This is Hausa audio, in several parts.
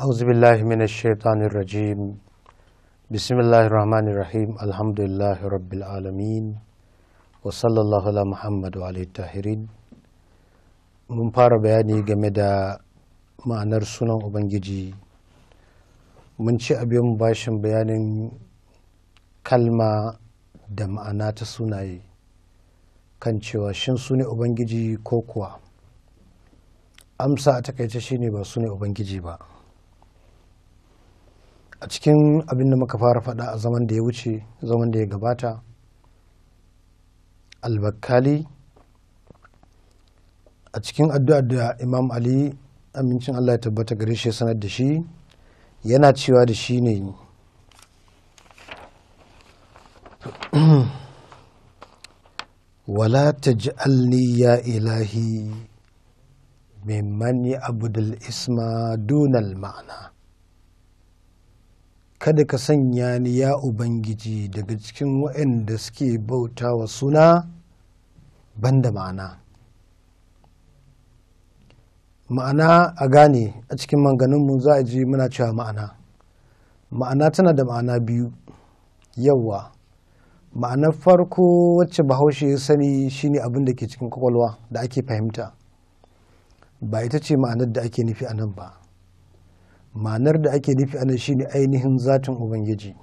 أعوذ بالله من الشيطان الرجيم بسم الله الرحمن الرحيم الحمد لله mun fara bayani game da ma'anar sunan ubangiji mun ci abin bashin bayanin kalma da ma'ana ta sunaye kan cewa shin su ubangiji ko kuwa amsa a takaice shine ba sune ubangiji ba a cikin abin da muka fara faɗa a zaman da ya wuce zaman da ya gabata albakali a cikin addu'ar da imam ali amincin allah ya tabbata gare shi sanar da shi yana cewa da shi ne wala taj'alni ya ilahi mani mani abudul isma dunal ma'ana kada ka sanya ni ya ubangiji daga cikin waɗanda suke bauta wa suna banda ma'ana ma'ana a gane a cikin manganinmu za a ji muna cewa ma'ana ma'ana tana da ma'ana biyu yawa ma'anar farko wacce bahaushe ya sani shine abin da ke cikin kwakwalwa da ake fahimta ba ita ce ma'anar da ake nufi a nan ba ma'anar da ake nufi ana ne ainihin zatin ubangiji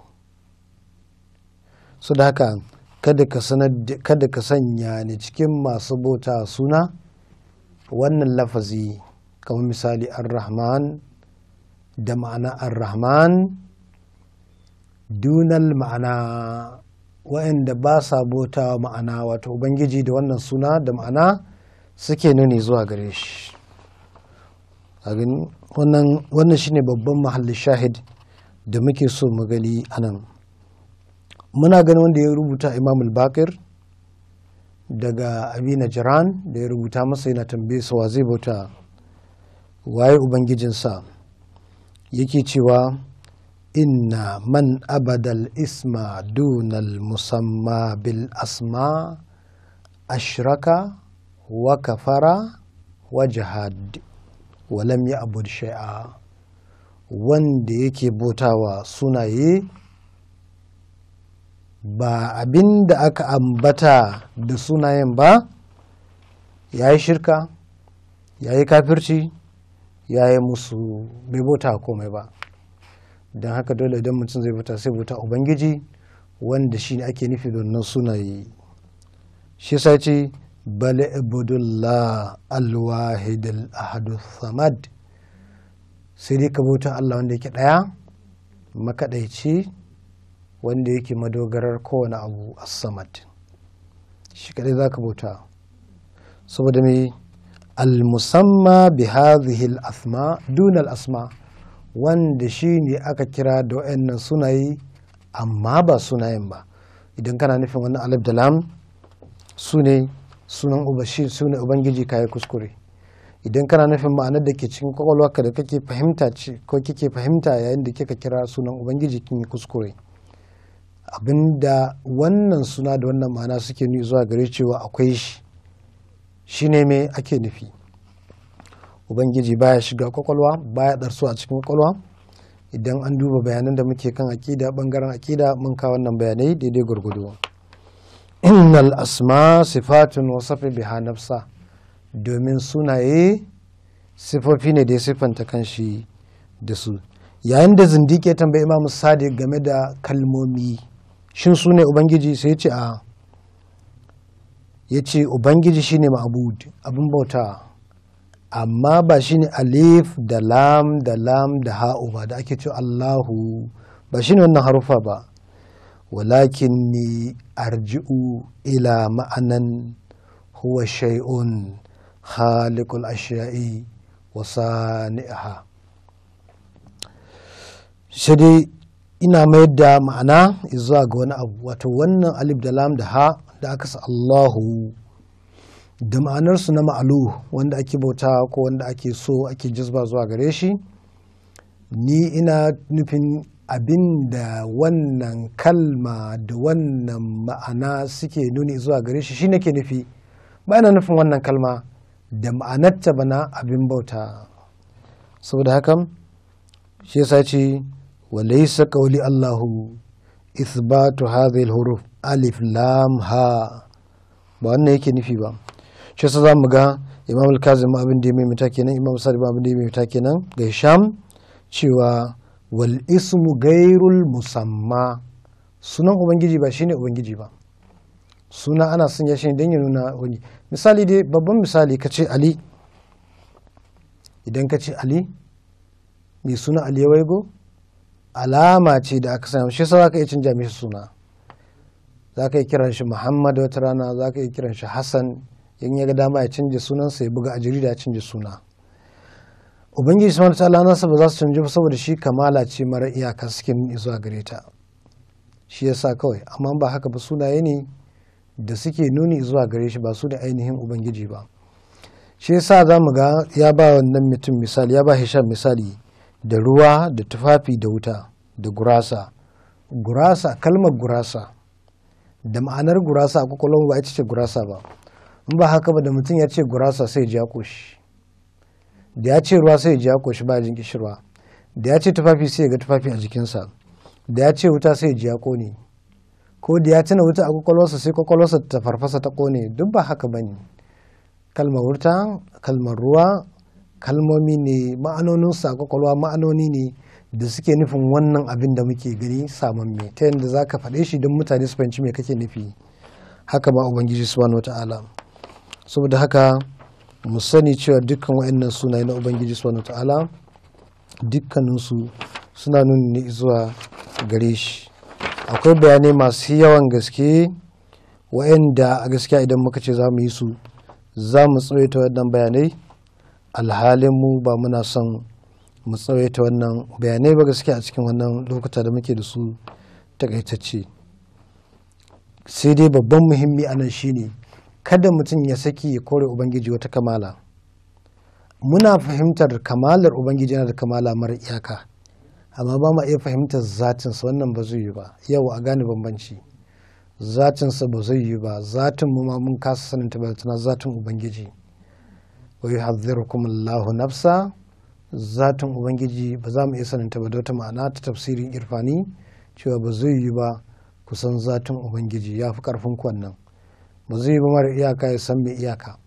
su da haka kada ka sanya ne cikin masu bauta suna wannan lafazi kamar misali ar-rahman da ma'ana ar-rahman dunal ma'ana wa'anda ba sa bauta ma'ana wato ubangiji da wannan suna da ma'ana suke nuni zuwa gare shi a gani wannan shine babban mahalli shahid da muke so mu gani anan muna ganin wanda ya rubuta imam al-bakir daga abina jiran da ya rubuta masa yana tambaye sa wa zai bauta waye ubangijinsa yake cewa inna man abadal isma dunal musamma bil asma ashraka wa kafara wa jihad walam ya abud shai'a wanda yake bautawa sunaye ba abin da aka ambata da sunayen ba ya yi shirka ya yi kafirci ya yi musu bai bauta komai ba don haka dole idan mutum zai bauta sai bauta ubangiji wanda shi ake nufi da wannan sunaye shi sai ce bala اعبدوا الله الواحد الاحد الصمد سيدي كبوتا الله عندك ايا ما كدايتشي wanda yake madogarar kowane abu a samad shi kadai za ka bauta saboda mai almusamma musamma bi asma dunal asma wanda shi ne aka kira da wa'annan sunayi amma ba sunayen ba idan kana nufin wannan alif da lam su ne sunan ubashi sunan ubangiji ka yi kuskure idan kana nufin ma'anar da ke cikin kwakwalwarka da kake fahimta ce ko kike fahimta yayin da kika kira sunan ubangiji kin yi kuskure abinda wannan suna da wannan ma'ana suke nuni zuwa gare cewa akwai shi shi ne me ake nufi ubangiji baya shiga kwakwalwa baya darsu a cikin kwakwalwa idan an duba bayanan da muke kan akida bangaren aƙida mun kawo wannan bayanai daidai gwargwado innal asma sifatun wasafin biha nafsa domin sunaye sifofi ne da ya siffanta kanshi da su yayin da zindike tambayi imam sadiq game da kalmomi shin su ne ubangiji sai ce a ya ce ubangiji shine ma'bud abin bauta amma ba shine alif da lam da lam da ha'u ba da ake ce allahu ba shine wannan harufa ba walakin ولكني أرجع إلى معنى هو شيء خالق الأشياء وصانعها sai ina mayar da ma'ana zuwa ga wani abu wato wannan alif da lam da ha da aka sa Allahu da ma'anarsu na ma'alu wanda ake bauta ko wanda ake so ake jizba zuwa gare shi ni ina nufin abinda wannan kalma da wannan ma'ana suke nuni zuwa gare shi shi ke nufi ba nufin wannan kalma da ma'anarta bana abin bauta saboda haka shi yasa ce walaysa qawli Allahu ithbatu hadhihi huruf alif lam ha ba wannan yake nufi ba shi yasa zamu ga Imam al-Kazim abin da ya maimaita kenan Imam Sa'd abin da ya maimaita kenan ga Hisham cewa wal ismu gairul musamma sunan ubangiji ba shine ubangiji ba suna ana son ya shi don ya nuna wani misali dai babban misali ka ce ali idan ka ce ali mai suna ali ya waigo alama ce da aka sami shi sa ka iya canja mishi suna za ka iya kiran shi muhammad wata rana za ka iya kiran shi hassan yin ya ga dama ya canja sunansa ya buga a jarida ya canja suna ubangiji subhanahu ta'ala nasa ba za su canji ba saboda shi kamala ce mara iyaka suke zuwa gare ta shi sa kawai amma ba haka ba sunaye ne da suke nuni zuwa gare shi ba su da ainihin ubangiji ba shi ya sa za mu ga ya ba wannan mutum misali ya ba hisham misali da ruwa da tufafi da wuta da gurasa gurasa kalmar gurasa da ma'anar gurasa a kwakwalwar ba ya ce gurasa ba in ba haka ba da mutum ya ce gurasa sai ya koshi da ya ce ruwa sai ya ji ya koshi ba jin kishirwa da ya ce tufafi sai ya ga tufafi a jikinsa da ya ce wuta sai ya ji ya kone ko da ya tuna wuta a kwakwalwarsa sai kwakwalwarsa ta farfasa ta kone duk ba haka bane kalmar wuta kalmar ruwa kalmomi ne ma'anoninsu a kwakwalwa ma'anoni ne da suke nufin wannan abin da muke gani saman me ta yadda za ka faɗe shi don mutane su fahimci me kake nufi haka ma ubangiji subhanahu wata'ala saboda haka mu sani cewa dukkan wa'annan sunaye na ubangiji subhanahu ta'ala dukkaninsu suna nuni ne zuwa gare shi akwai bayanai masu yawan gaske wa'anda a gaskiya idan muka ce za mu yi su za mu tsawaita wannan bayanai alhalin mu ba muna son mu tsawaita wannan bayanai ba gaske a cikin wannan lokuta da muke da su takaitacce sai dai babban muhimmi anan shine kada mutum ya saki ya kore ubangiji wata kamala muna fahimtar kamalar ubangiji yana da kamala mara iyaka amma ba ma iya fahimtar zatinsa wannan ba zai yi ba yau a gane bambanci zatinsa ba zai yi ba zatin mu ma mun kasa sanin ta tana zatin ubangiji wa yuhadhdhirukum Allahu nafsa zatin ubangiji ba za mu iya sanin ta ba da wata ma'ana ta tafsirin irfani cewa ba zai yi ba kusan zatin ubangiji ya fi karfin wannan ba zai yi ba mara iyaka ya san mai iyaka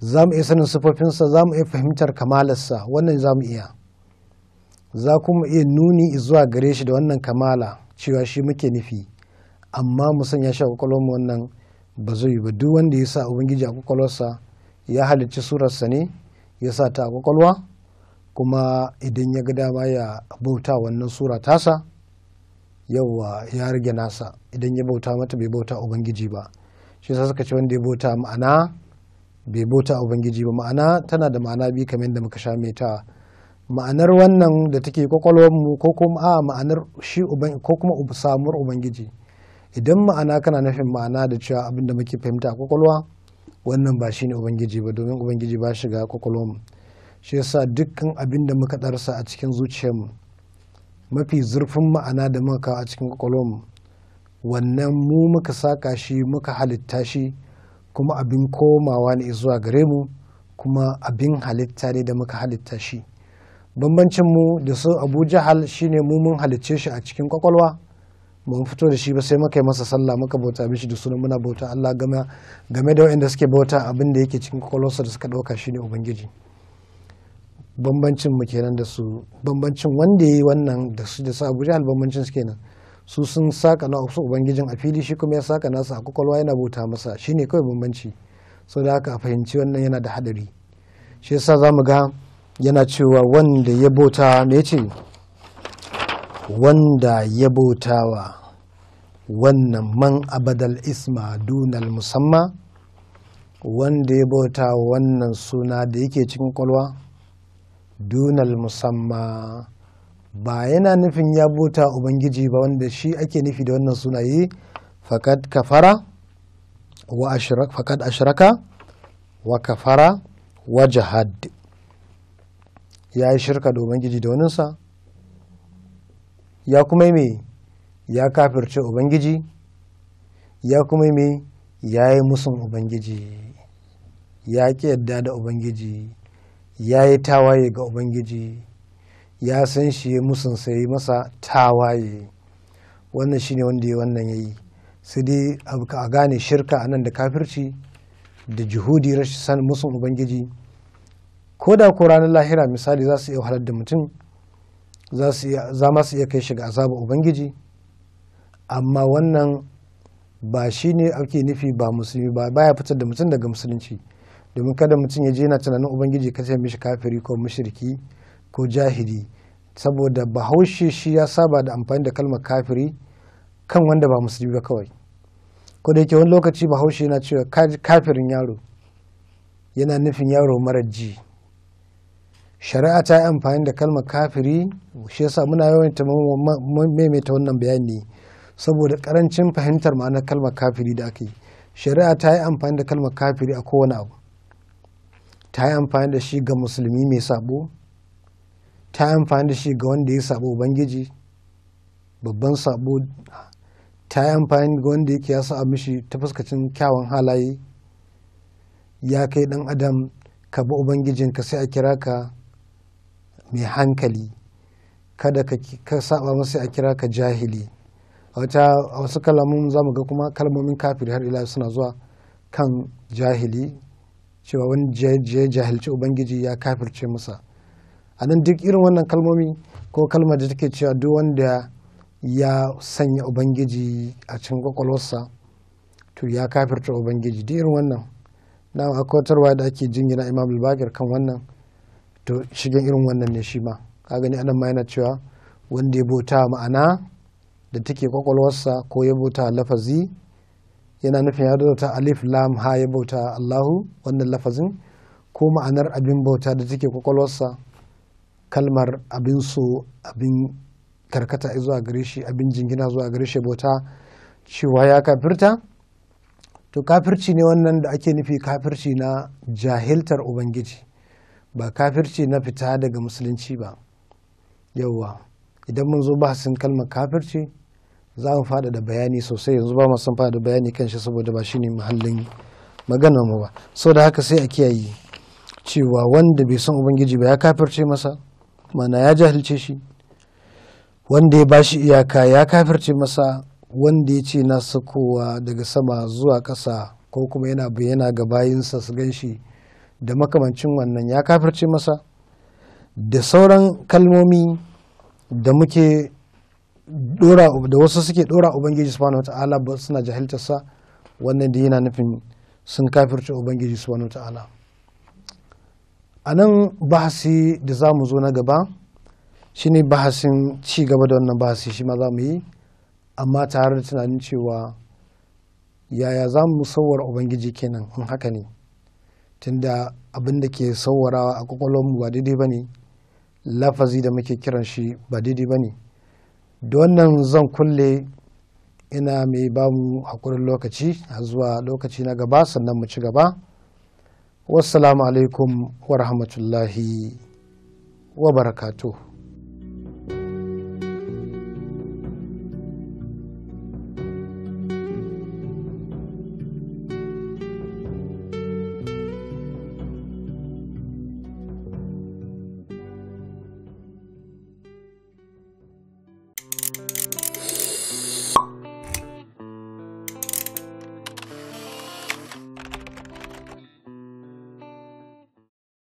za mu iya sanin sufafinsa za mu iya fahimtar kamalarsa wannan za mu iya za kuma iya nuni zuwa gare shi da wannan kamala cewa shi muke nufi amma mu sanya shi a kwakwalwarmu wannan ba zai yi ba duk wanda ya sa ubangiji a kwakwalwarsa ya halicci surarsa ne ya sa ta a kwakwalwa kuma idan ya ga dama ya bauta wannan sura tasa yauwa ya rage nasa idan ya bauta mata bai bauta ubangiji ba shi yasa suka ce wanda ya bota ma'ana bai bota a ubangiji ba ma'ana tana da ma'ana bi kamar yadda muka sha ta ma'anar wannan da take kwakwalwar mu ko kuma a ma'anar shi ko kuma samuwar ubangiji idan ma'ana kana nufin ma'ana da cewa abin muke fahimta a kwakwalwa wannan ba shi ne ubangiji ba domin ubangiji ba shiga mu shi yasa dukkan abin da muka darsa a cikin zuciyarmu mafi zurfin ma'ana da muka kawo a cikin mu wannan mu muka saka shi muka halitta shi kuma abin komawa ne zuwa gare mu kuma abin halitta ne da muka halitta shi bambancin mu da su abu jahal shine mu mun halicce shi a cikin kwakwalwa mun fito da shi ba sai muka yi masa sallah muka bauta mishi da sunan muna bauta Allah game da waɗanda suke bauta abin da yake cikin kwakwalwarsa da suka ɗauka shine ubangiji bambancin mu kenan da su bambancin wanda ya yi wannan da su da su abu jahal bambancin su kenan su sun saka na su ubangijin a fili shi kuma ya saka nasa a kwakwalwa yana bauta masa shine kawai bambanci sau da haka a fahimci wannan yana da hadari shi yasa za mu ga yana cewa wanda ya bauta me ce wanda ya bautawa wannan man abadal isma dunal musamma wanda ya bauta wa wannan suna da yake cikin kwalwa dunal musamma ba yana nufin ya bota ubangiji ba wanda shi ake nufi da wannan sunaye fakat kafara wa ashraka fakat ashraka wa kafara wa jahad ya yi shirka da ubangiji da waninsa ya kuma mai ya kafirce ubangiji ya kuma mai ya yi musun ubangiji ya ƙi yadda da ubangiji ya yi tawaye ga ubangiji ya san shi ya musun sai masa tawaye wannan shine wanda ya wannan ya yi sai dai a gane shirka a nan da kafirci da juhudi rashin san musun ubangiji ko da ko ranar lahira misali za su iya wahalar da mutum za ma iya kai shiga azaba ubangiji amma wannan ba shi ne ake nufi ba musulmi ba baya fitar da mutum daga musulunci domin kada mutum ya je yana tunanin ubangiji kace mishi kafiri ko mushriki ko jahili saboda bahaushe shi ya saba da amfani da kalmar kafiri kan wanda ba musulmi ba kawai ko da yake wani lokaci bahaushe yana cewa kafirin yaro yana nufin yaro marar ji shari'a ta yi amfani da kalmar kafiri shi yasa muna yawan maimaita wannan bayani saboda karancin fahimtar ma'anar kalmar kafiri da ake shari'a ta yi amfani da kalmar kafiri a kowane abu ta yi amfani da shi ga musulmi mai sabo ta amfani da shi ga wanda ya sabo ubangiji babban sabo ta yi amfani ga wanda yake ya sa mishi ta fuskacin kyawun halaye ya kai dan adam ka bi ubangijinka sai a kira ka mai hankali kada ka saba masa a kira ka jahili a wasu kalamun za mu ga kuma kalmomin kafiri har ila suna zuwa kan jahili cewa wani jahilci ubangiji ya kafirce masa a nan duk irin wannan kalmomi ko kalmar da take cewa duk wanda ya sanya ubangiji a cikin kwakwalwarsa to ya kafirta ubangiji duk irin wannan na akwatarwa da ake jingina imam al kan wannan to shigen irin wannan ne shi ma ka gani anan ma yana cewa wanda ya bauta ma'ana da take kwakwalwarsa ko ya bauta lafazi yana nufin ya bauta alif lam ha ya bauta allahu wannan lafazin ko ma'anar abin bauta da take kwakwalwarsa kalmar abin so abin karkata zuwa gare shi abin jingina zuwa gare shi bauta cewa ya kafirta to kafirci ne wannan da ake nufi kafirci na jahiltar ubangiji ba kafirci na fita daga musulunci ba yauwa idan mun zo bahasin kalmar kafirci za mu fada da bayani sosai yanzu ba mu san fada da bayani kan shi saboda ba shine ne maganar mu ba so da haka sai a kiyaye cewa wanda bai san ubangiji ba ya kafirce masa mana ya jahilce shi wanda ya bashi iyaka ya kafirce masa wanda ya ce na sakowa daga sama zuwa ƙasa ko kuma yana bayyana ga bayinsa su gan da makamancin wannan ya kafirce masa da sauran kalmomi da muke dora da wasu suke dora ubangiji subhanahu ba suna jahiltarsa wannan da yana nufin sun kafirce ubangiji subhanahu ta'ala. a nan bahasi da za mu zo na gaba shi ne bahasin ci gaba da wannan bahasi shi ma za mu yi amma tare da tunanin cewa yaya za mu sauwara ubangiji kenan in haka ne tunda abin da ke sauwarawa a kwakwalwarmu ba daidai ba ne lafazi da muke kiran shi ba daidai ba ne da wannan zan kulle ina mai ba mu lokaci a zuwa lokaci na gaba sannan mu ci gaba wassalamu alaikum wa rahmatullahi wa barakatuh